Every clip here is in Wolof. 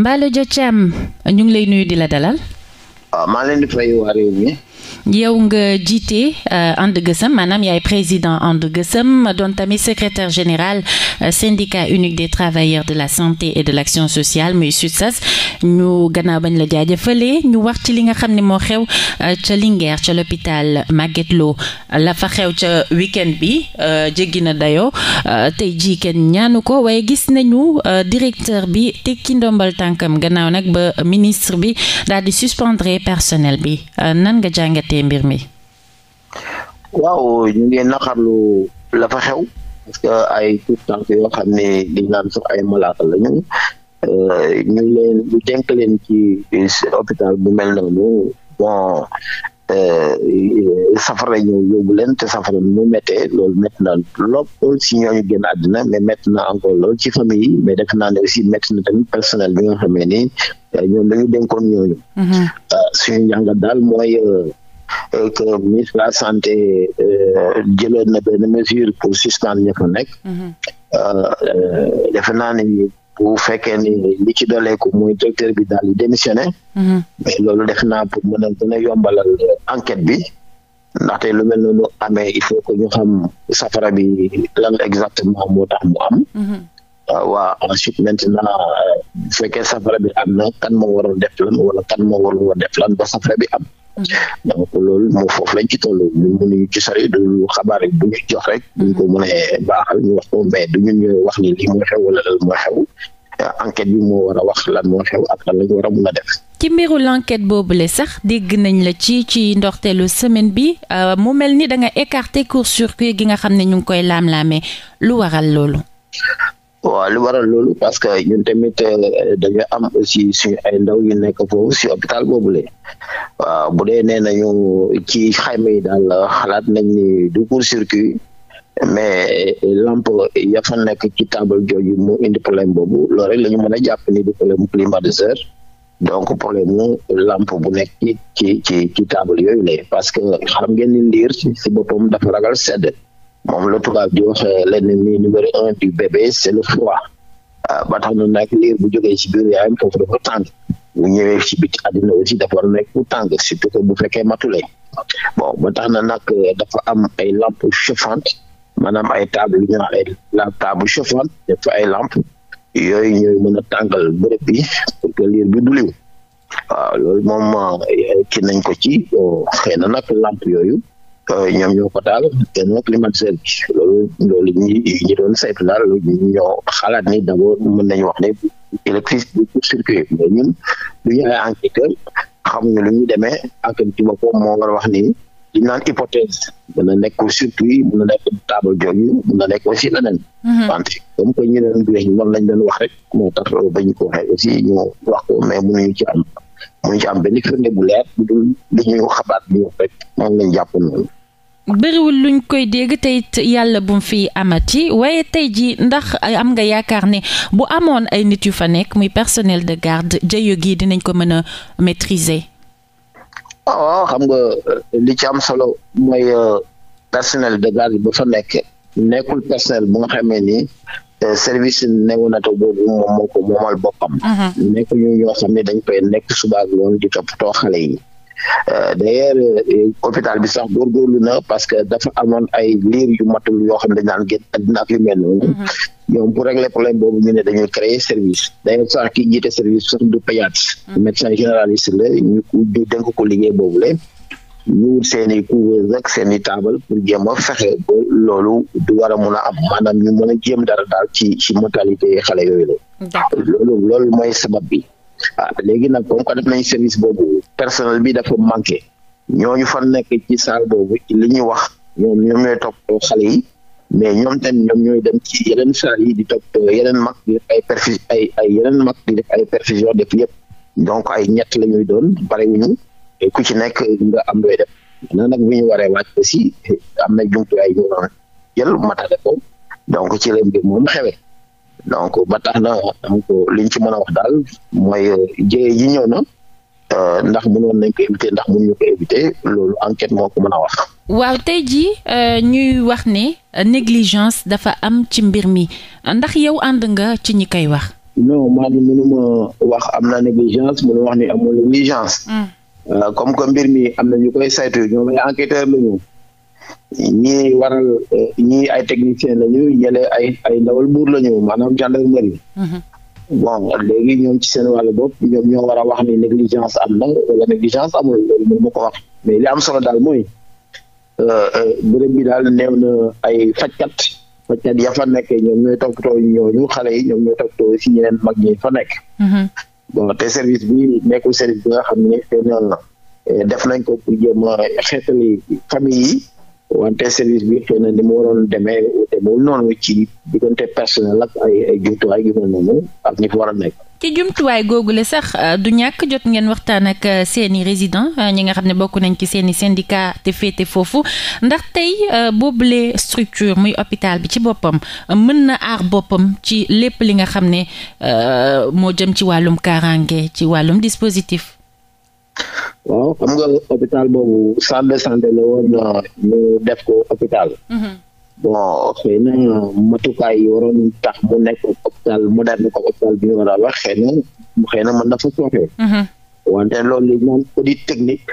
Mballo Dia Thiam ñu ngi lay nuyu di la dalal. waaw ah, maa leen di fay waa mi. yow nga jiite euh, And Gueusseum maanaam yaay président And Gueusseum doon tamit secrétaire général euh, syndicat unique des travailleurs de la santé et de l'action sociale muy SUTSAS ñu gannaaw bañ la jaajëfalee ñu wax ci li nga xam ne moo xew euh, ca Linguère ca l'hôpital Magatte Lô la fa xew ca week-end bi jéggi na dayo tey jii kenn ñaanu ko waaye gis nañu directeur bi te tekki ndombal tànkam gannaaw nag ba ministre bi daal di suspendre personnel bi nan nga jàngat impacté waaw ñu ngi naxarlu la fa xew parce que ay tout temps yoo xam ne di naan sax ay malaaka lañu euh, ñu ñu leen ñu dénk leen ci hôpital bu mel noonu bon. Euh, safara ñëw yóbbu leen te safara bi mu méttee loolu métti na lool si ñooñu génn àddina mais métti na encore lool ci famille yi mais def naa ne aussi métti na tamit personnel bi nga xamee ni ñoom dañu dénkoon ñooñu mhm. euh, suñu njàngat daal mooy que ministre de la santé euh, na benn mesure pour suspendre ñëpp nekk. Mhm. Euh, euh, defe naa ni bu fekkee ni li ci dooleeku muy docteur bi daal di démissionné. Mhm. mais naa pour mën a yombalal enquête bi. ndaxte lu mel noonu amee il faut que ñu xam safara bi lan exactement moo tax am. Mhm. waa ensuite maintenant bu fekkee safara bi am na kan moo waroon def lan wala kan moo waroon def lan ba safara bi am. ko loolu moom foofu lañ ci toll ñun mënuñu ci sori du xabaar rek bu ñu jox rek buñ ko mënee baaxal ñu wax ko mais du ñun ñu wax ni lii mooy xew wala lan mooy bi moo war a wax lan moo xew ak lan lañu war a mun a def ci mbiru boobu boobule sax dégg nañ la ci ci ndoxteelu semaine bi euh, mu mel ni da nga écarté court circuit gi nga xam ne ñu ngi koy laam-laamee lu waral loolu waaw li waral loolu parce que ñun tamit euh, dañu am aussi suñu ay ndaw ñu nekk foofu si hôpital boobu la waaw bu dee nee nañu ci xayma yi daal xalaat nañ ni du court circuit mais lamp ya fa nekk ci table jooju mu indi problème boobu loolu rek la ñu mën a jàpp ni du problème climatiseur donc problème mu lamp bu nekk ci ci ci ci table yooyu la parce que xam ngeen ni ndiir si boppam dafa ragal sedd. moom la tubaab di wax euh, l'ennemi numéro un du bébé c'est le froid euh, ba tax na nag liir bu joge ci biir yaayam foofu dafa tàng bu ñëwee ci biti àddina si dafa war bu tàng surtout que bu fekkee matulee bon ba tax nag euh, dafa am ay lampe chauffante maanaam ay table yu ñu naan ay la table chauffante dafa ay lampe yooyu mën a tàngal bërëb bi pour que liir bi du liw waaw loolu moom ci nañ ko ci xëy na nag lampe yooyu ñoom ñoo ko taal te nag li mat service loolu loolu ñi ñi doon ñoo xalaat ni d'abord mën nañu wax ne électricité bi court circuit mais ñun lu ñu ay enquêteur xam ne lu ñu demee enquête ci boppam moo war a wax ni li ñu naan hypothèse mën na nekk court circuit mën na nekk table jooju mën na nekk aussi leneen wante comme que ñu wax noonu lañ doon wax rek moo tax bañ ko waxee aussi ñu wax ko mais mënuñu ci am mënuñu ci am benn firnde bu leer bu dul li ñu xabaat bi ñu rek moom lañ jàpp noonu bëriwul luñ koy dégg te yàlla bu mu fi amati waaye tey ji ndax am nga yaakaar ne bu amoon ay nit yu fa nekk muy personnel de garde jëyo gi dinañ ko mën a maîtriser. Ah, xam nga euh, li ci am solo mooy euh, personnel de garde bu fa nekk nekkul personnel bu nga xamee ni euh, service néonatal boobu moom moo ko moomal boppam. Mhm. nekku ñu ñoo xam ne dañ koy nekk suba ak woon di toppatoo xale yi. Euh, d'ailleurs euh, hôpital bi sax góorgóorlu na parce que dafa amoon ay liir yu matul yoo xam ne daan génn àddina ak yu mel noonu mhm. ñoom pour régler problème boobu ñu ne dañuy créer service d'ailleurs sax ki jiite service sax du pédiatre mhm. médecin généraliste la ñu ñu dénk ko liggéey boobu la ñu wut seen i couveuse ak seen i table pour jéem a fexe loolu du war a mun am maanaam ñu mën a jéem dara daal ci ci mortalité xale yooyu la loolu loolu mooy sabab bi ah léegi nag comme que def nañ service boobu personnel bi dafa manqué ñooñu fan nekk ci salle boobu li ñuy wax ñoom ñoom ñooy toppatoo xale yi mais ñoom tamit ñoom ñooy dem ci yeneen salle yi di toppatoo euh, yeneen mag di ay perfu ay ay yeneen mag def ay perfusion def yëpp donc ay ñett la ñuy doon bare wuñu ku ci nekk nga am looy def na nag bu ñu waree wàcc aussi am na jumtu ay ñu jël matale ko donc ci leen bi moom xewee donc ba tax na donc li ñu ci mën a wax daal mooy euh, jëye yi ñëw na euh, ndax mënoon nañ ko éviter ndax mënuñu ko éviter loolu enquête moo ko mën a wax. waaw tey jii euh, ñuy wax ne négligence dafa am ci mbir mi ndax yow ànd nga ci ñi koy wax. non maa ni mënuma wax am na négligence mënuma wax ni amul négligence. Mm. comme que mbir mi am na ñu koy saytu ñoom ay enquêteur la ñii waral eh, ñii ay technicien la ñu yële ay ay ndawal buur la ñu maanaam gendarmerie. Mhm. bon léegi ñoom ci seen wàllu bopp ñoom ñoo war a wax ni négligence am na wala négligence amul loolu moom moo ko wax mais li am solo daal mooy euh, euh, bërëb bi daal neew na ay fajkat fajkat ya fa nekk ñoom ñooy toppatoo ñooñu xale yi ñoom ñooy toppatoo si ñeneen mag fa nekk. Mhm. bon te service bi nekkul service bi a xam ne xëy na def ko famille yi. wante service bi xëy na ni mu waroon demee demul noonu ci diggante personnel ak ay ay jumtuwaay yu mel noonu ak ñi fa war a ci jumtuwaay googule sax euh, du ñàkk jot ngeen waxtaan ak euh, seeni résident euh, ñi nga xam ne bokk nañ ci seeni syndicat te féete foofu ndax tey boobule structure muy hôpital bi ci boppam mën na aar boppam ci lépp li nga xam ne moo jëm ci wàllum kaaraange ci wàllum dispositif. waaw xam nga hôpital boobu centre de santé la woon euh, ñu def ko hôpital. Mhm. bon xëy na matukaay yi waroon tax mu nekk hôpital moderne ko hôpital bi ñu war a wax xëy na xëy na mhm. wante loolu li ñu naan technique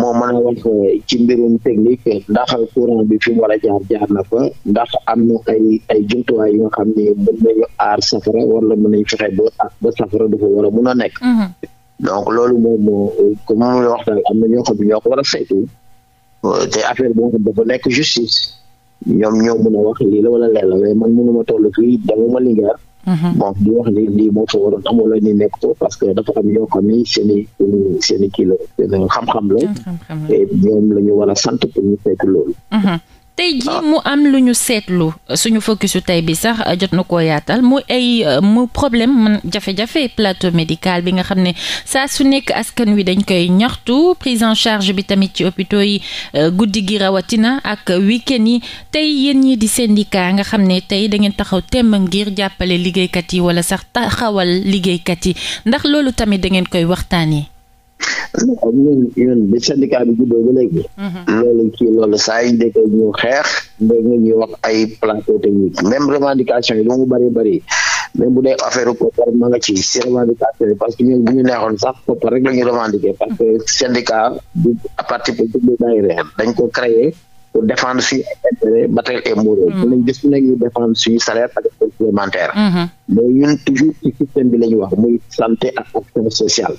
moo mën a wax euh, ci mbirum technique ndax courant bi fi mu war a jaar jaar na fa ndax am na ay ay jumtuwaay yi nga xam ne mën nañu aar safara wala mën nañu fexe ba ba safara dafa war a mun nekk. Mhm. donc loolu moom comme moom la wax daal am na ñoo xam ne ñoo ko war a saytu euh, te affaire boo xam dafa nekk justice ñoom ñoo mën a wax lii la wala lee la mais man ma toll fii dama ma lingaar mhm. bon di wax ni lii moo waroon amoo la ni nekk ko parce que dafa am ñoo xam ni seen i seen i la seen xam-xam la et ñoom la ñu war a sant pour ñu fekk loolu mhm. tey jii ah. mu am lu ñu seetlu suñu focus su tey bi sax jot na koo yaatal mu ay mu problème man jafe-jafe plateau médical bi nga xam ne saa su nekk askan wi dañ koy ñaxtu prise charge bi tamit ci hôpitaux yi euh, guddi gi rawatina ak week-end yi tey yéen ñii di syndicat nga xam ne tey da ngeen taxaw temm ngir jàppale liggéeykat yi wala sax taxawal liggéeykat yi ndax loolu tamit da ngeen koy waxtaanee. ñun ñun bi syndicat bi juddoo ba léegi. loolu mhm. ci loolu saa yi ñu xeex dégg nga ñuy wax ay plateau technique même revendication yi lu mu bari bari même bu dee affaire koppar ma nga ci si revendication yi parce que bu ñu neexoon sax koppar rek la ñu revendiquer parce que syndicat du parti politique du daayira dañ ko créer pour défendre suñu intérêt battre et mourir. Mhm. pour nañ gis ne ñu défendre suñu salaire ak complémentaire. Mhm. mais ñun toujours ci système bi la wax muy santé action sociale.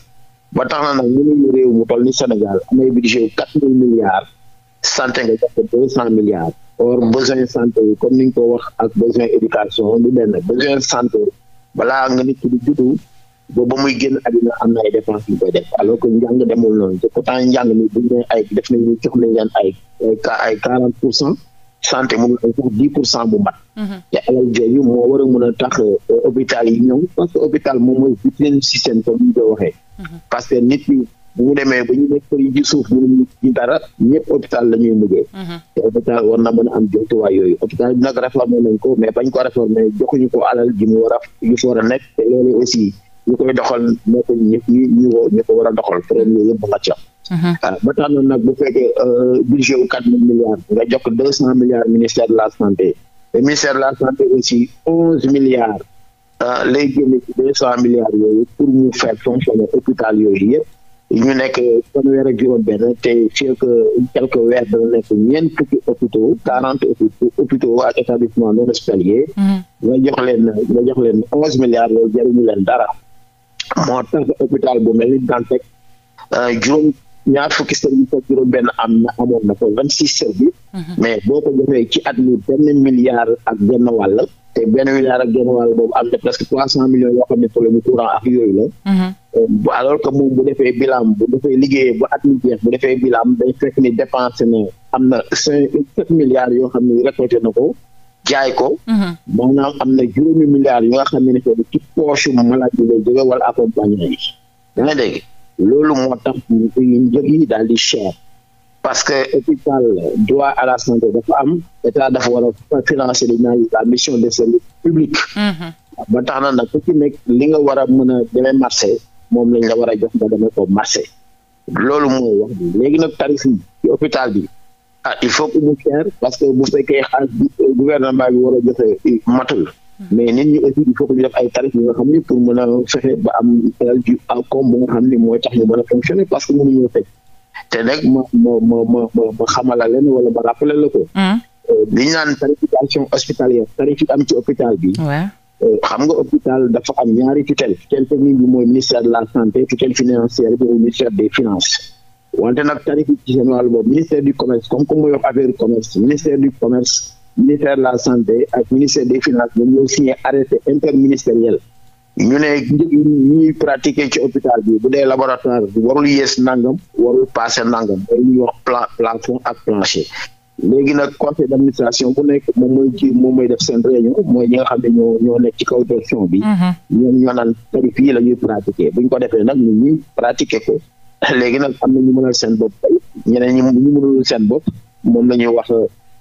ba tax na nag mënuñu réew mu toll ni Sénégal amay budget quatre mille milliards santé nga jox ko deux cent milliards or besoin santé yi comme ni ñu ko wax ak besoin éducation lu benn besoin santé balaa nga nit ki di juddu booba muy génn àddina am na ay dépenses yu ko def alors que njàng demul noonu te pourtant njàng mi buñ ne ay def nañu jox ay ay quarante pour cent santé mun na sax dix pour cent bu mat te alal jooju moo war a mun a tax euh, hôpital yi ñëw parce que hôpital moom mooy vitrine système comme ñu koy waxee parce que nit ñi bu ñu demee ba ñu suuf mënuñu dara ñëpp hôpital la ñuy mujjee te hôpital war na mën a yooyu hôpital bi nag réformé nañ ko mais bañ ko réformé joxuñu ko alal ji mu war a yu a nekk te loolu aussi ñu koy doxal nekk ñëpp ñu ñu ko war a doxal problème yooyu yëpp ba nga waaw uh-huh. ah, ba tax na nag bu fekkee euh, budget wu quatre mille milliards nga jox milliards ministère de la santé le ministère de la santé aussi onze milliards ah, lay génne ci deux cent milliards yooyu pour mu faire fonctionner hôpital yooyu yëpp ñu nekk fanweer ak juróom-benn te c'est que weer dana nekk ñeent fukki hôpitaux quarante hôpitaux ak établissement non hospitalier uh-huh. nga jox leen onze milliards loolu jëriñu leen dara moo tax hôpital bu mel ni Dantec ah, juróom ñaar fukki service ak juróom benn am na amoon na ko vingt six service mhm. mais boo ko defee ci at mi benn milliard ak genn wàll te benn milliard ak genn wàll boobu am na presque trois cent millions yoo xam ne problème courant ak yooyu la mhm. euh, alors que moom bu defee bilan bu defee at mi jeex defee bilan day fekk ni dépensé na am na cinq sept yoo xam ne récolté na ko jaay ko mhm. maanaam am na juróomi milliards yoo xam ne ne ci poche malade bi lay jóge wala accompagné yi da nga loolu moo tax njëg yi daal di cher parce que hôpital droit à la santé am état dafa war a financer li naan la mm-hmm. tax na nag ku li nga war a mën a demee marché moom lañ la war a jox nga demee ko marché loolu mooy wax bi léegi nag tarif yi hôpital bi ah il faut que mu cher parce que bu fekkee xaalis bi gouvernement bi war a joxe matul. mais nit ñi aussi il faut ay tarif nga xam ni pour mën a fexe ba am ju alcoom bu nga xam ni mooy tax ñu mën a fonctionner parce que mënuñoo fekk te nag ma ma ma ma ma xamala leen wala ma rappelé la ko. Hmm. Euh, li ñu naan tarification hospitalière am ci hôpital bi. Euh, xam nga hôpital dafa am ñaari tutelle tutelle technique bi mooy ministère de la santé tutelle financière bi mooy ministère des finances wante nag tarif yi ci seen wàll boobu ministère du commerce comme comme mooy wax affaire ministère de la santé ak ministère des finances dañ ñoo signé ñu ne pratiquer ci hôpital bi bu dee laboratoire bi warul yées nangam warul passé nangam dañu ñuy wax plan plafond ak plancher léegi nag conseil d' bu nekk moom mooy ci moom mooy def seen réunion mooy ñi nga xam ne ñoo nekk ci kaw direction bi. Mm-hmm. ñoom ñoo naan tarif yi la ñuy pratiquer bu ko defee nag ñun ñuy pratiquer ko léegi nag am na ñu mënal seen bopp ñeneen ñi ñu mënalul seen bopp moom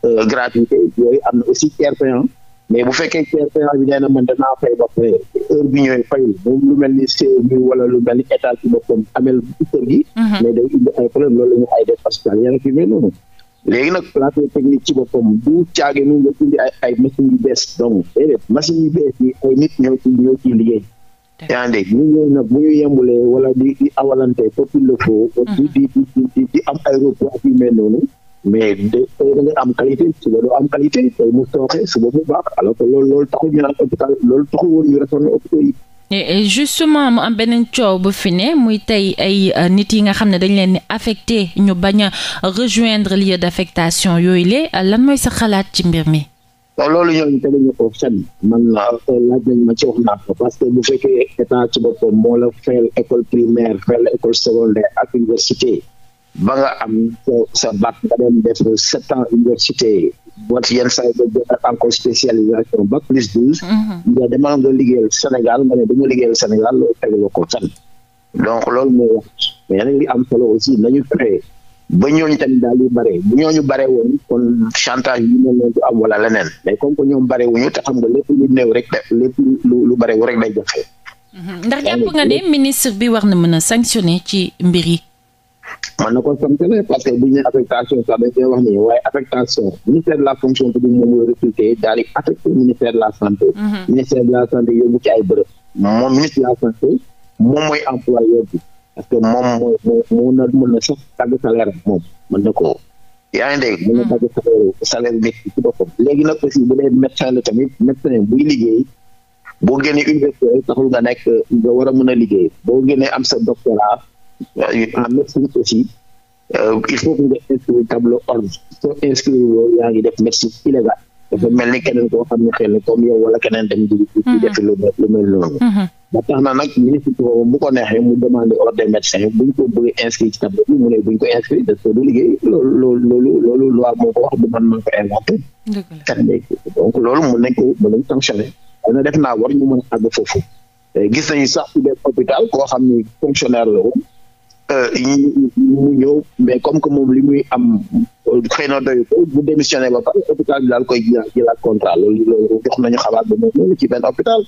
Euh, gratuité yooyu am na aussi tiers payant mais bu fekkee tiers payant bi nee na man danaa fay ba pare heure bi ñooy fay lu mel ni CMU wala lu mel ni état ci boppam amel kër gi. Mhm. mais day ay problème loolu la ñu ay dépense hospitalière fi mel noonu. léegi nag plateau technique ci boppam bu caagee nu nga ay ay machines yu bees donc déedéet machines yu bees yi ay nit ñoo ci liggéey. yaa ngi dégg ñun ñooñu nag bu ñu wala di di awalante popil le faux. Mhm. di di di di am ay repos yu mel noonu. mais de tey am qualité suba doo am qualité tey mu sooxe suba mu baax alors que loolu loolu ñu naan hôpital loolu taxul woon ñu réformer hôpital yi. et justement mu am beneen coow bu fi ne muy tey ay euh, nit yi nga xam ne dañ leen di affecté ñu bañ a rejoindre lieu d'affectation yooyu la lan mooy sa xalaat ci mbir mi. waaw loolu ñooñu teg nañu ko fenn man laaj nañ ma ci naa ko parce fekkee état ci boppam moo la fayal école primaire fayal école secondaire ak université. ba nga am sa bac nga dem def sept université boot yi nga encore spécialisation bac plus douze mhm. nga demal nga liggéeyal Sénégal dama liggéeyal Sénégal loolu tegloo ko san donc loolu moo wax mais yeneen li am solo aussi nañu créé ba ñooñu tamit daal di bare bu ñooñu bare woon kon chantage yu mel noonu du am wala leneen mais comme que ñoom bare wuñu te xam nga lépp lu néew rek lu lu bare wu rek day joxe. Mhm. ndax jàpp nga ne ministre bi war na mën a sanctionné ci mbir man na ko sanctionné parce que bu ñu nee affectation sax dañ koy wax nii waaye affectation ministère de la fonction publique moom mooy daal di affecté ministère de la santé. ministère de la santé yóbbu ci ay bërëb. moom ministre de la santé moom mooy employeur bi parce que moom mooy moo na mën na sax tàgg salaire moom mën na ko yaa ngi dégg mën na tàgg salaire salaire bi ci boppam léegi nag aussi bu dee médecin la tamit médecin buy liggéey boo génnee université taxul nga nekk nga war mën a liggéey boo génnee am sa doctorat en médecine aussi euh, il faut que nga inscrire tableau ordre soo inscrire loolu yaa ngi def médecine illégale dafa mel ni keneen koo xam ne xëy na comme yow wala keneen dem di di hmm. def lu mel noonu hmm. ba tax na nag ministre boobu bu ko neexee mu demande ordre des médecins bu ko bëggee inscrire ci tableau bu ñu ko inscrire daf ko du liggéey loolu loolu loolu loi moo ko wax du man maa ko inventé kat donc loolu mun nañ ko mun nañ sanctionné def naa war ñu mën a foofu gis nañu sax ci benn hôpital koo xam ni fonctionnaire la ñu euh, ñëw mais comme que li muy am xëy na doyu ko bu démissionné ba pare hôpital daal koy jëlaat contrat loolu loolu jox nañu xabaar ba moom ci benn hôpital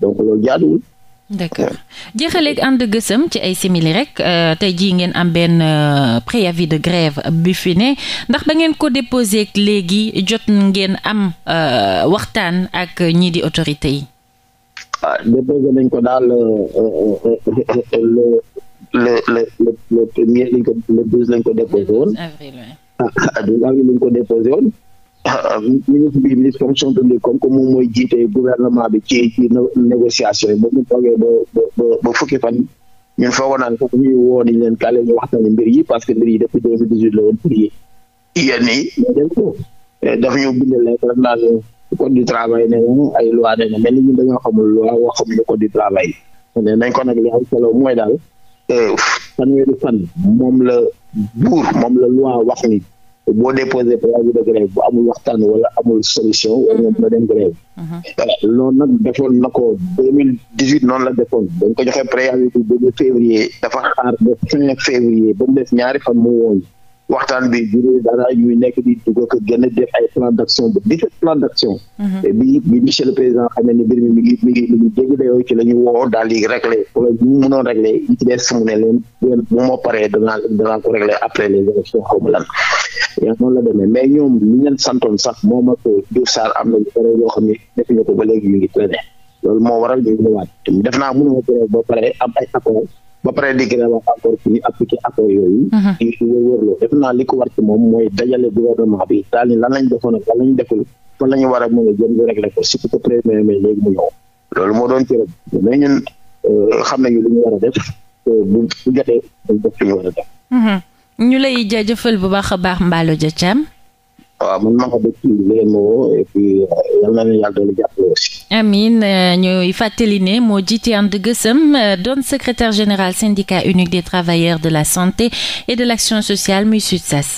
donc loolu jaaduwul. d'accord jeexaleeg ànd ci ay simili rek euh, tey jii ngeen am benn euh, préavis de grève bi fi ne ndax ba ngeen ko déposé léegi jot ngeen am waxtaan ak ñii di autorité yi. Ah, le le le ko le douze lañ ko ah, ah, déposé woon. ah ko déposé woon. ministre bi ministre fonction publique comme que moom mooy jiite gouvernement bi ci ci négociation yi ba mu toogee ba ba fukki fan ñun foogoon naa ne foofu ñuy woo ni leen kaale ñu waxtaanee mbir yi parce que mbir yi depuis deux mille dix huit la woon pour yéen yéen ñi dem ko eh, dafa ñu bindal leen rek naa leen code du travail ne ay loi ne ne mel ni ñun dañoo xamul loi waxamuñu code du travail ne nañ ko nag li mooy daal Euh, fanweeri fan moom la buur moom la loi wax ni boo déposé préavis de grève bu amul waxtaan wala amul solution wala mhm. nga dem grève mhm. na ko deux mille dix huit noonu la defoon dañ ko joxe préavis bu début février dafa xaar ba fin février ba mu ñaari fan mu woon waxtaan bi juré dara ñuy nekk di dugg ak génn def ay plan d' mhm. bi bi monsieur le président xamee ne mbir mi mi ngi mi ngi mi ngi jéggi dayoo ci la ñu woo daal di réglé wala bu mu mënoon réglé yi ci des mu ko réglé après les élections xaw ma lan yaa noonu la demee mais ñoom ñu leen santoon sax moom ak Diouf Sarr am na lu bare yoo xam ne defuñu ko ba léegi ñu ngi traîné loolu moo waral ñu ñëwaat def naa mënuma a pare am ay accord ba pare mhm. di gréwa encore pour ñu appliquer accord yooyu di wërwërloo naa li ko war moom mooy dajale gouvernement bi daal ni lan lañ defoon deful fan la ñu war a a jëm ñu régler ko surtout que premier mai léegi mu ñëw loolu moo doon cërëb mais ñun euh, xam nañu lu ñu a def euh, bu bu jotee dañ def lu ñu war a def mhm. ñu lay jaajëfal bu baax a baax Mballo Dia Thiam waaw man maa ko dëkk VMO et puis euh, yal na ñu yàlla doon jàppale aussi. Amine euh, ñuy fàttali ne moo jiite And Gueusseum doon secrétaire général syndicat unique des travailleurs de la santé et de l'action sociale muy SUTSAS.